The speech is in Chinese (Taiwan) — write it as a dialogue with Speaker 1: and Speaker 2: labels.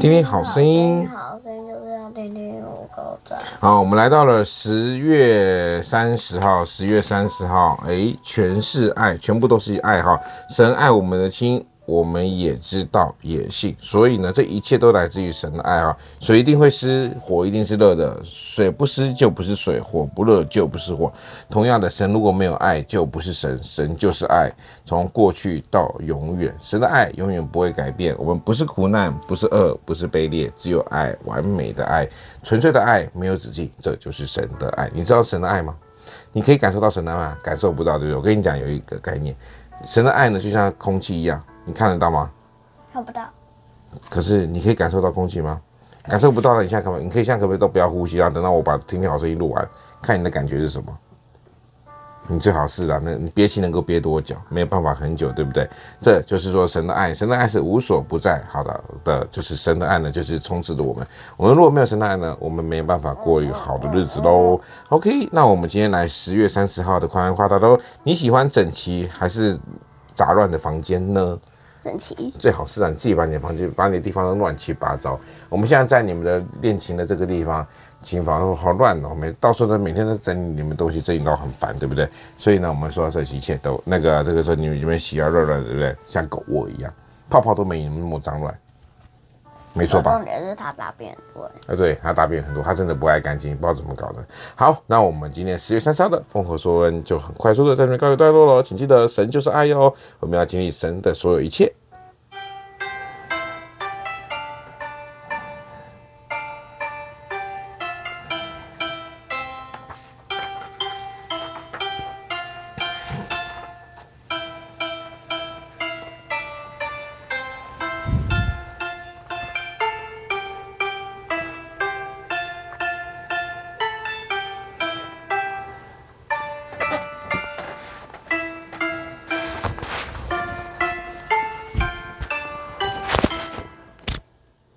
Speaker 1: 聽聽好聲音，好聲音就是要聽聽有高贊。好，我們來到了十月三十號，十月三十號，哎、欸，全是愛，全部都是愛哈，神愛我們的心。我們也知道，也信，所以呢，這一切都來自於神的愛啊。水一定會濕，火一定是熱的。水不濕就不是水，火不熱就不是火。同樣的，神如果沒有愛，就不是神。神就是愛，從過去到永遠，神的愛永遠不會改變。我們不是苦難，不是惡，不是卑劣，只有愛，完美的愛，純粹的愛，沒有止境。這就是神的愛。你知道神的愛嗎？你可以感受到神的愛嗎？感受不到對不對？我跟你講，有一個概念，神的愛呢，就像空氣一樣。你看得到嗎？看不到。可是你可以感受到空氣嗎？感受不到了。你現在可不可以？你可以現在可不可以都不要呼吸啊？等到我把《聽聽好聲音》錄完，看你的感覺是什麼？你最好是啊，那你憋氣能夠憋多久？沒有辦法很久，對不對？這就是說，神的愛，神的愛是無所不在。好的，的就是神的愛呢，就是充斥着我們。我們如果沒有神的愛呢，我們沒有辦法過一個好的日子嘍。嗯嗯、OK，那我們今天來十月三十號的《寬安花大道》，你喜歡整齊還是雜亂的房間呢？神奇，最好是讓你自己把你的房間、把你的地方都亂七八糟。我們現在在你們的練琴的這個地方，琴房都好亂哦，每到時候呢，每天都整理你們東西，整理到很煩，對不對？所以呢，我們說這一切都那個、啊，這個時候你們你們喜啊，亂亂對不對？像狗窩一樣，泡泡都沒你們那麼髒亂。沒錯吧？重點是他大便多。哎，對、啊、對，他大便很多，他真的不愛乾淨，不知道怎麼搞的。好，那我們今天十月三十號的豐禾碩恩就很快速的在這邊告一段落了。請記得神就是愛喲，我們要經歷神的所有一切。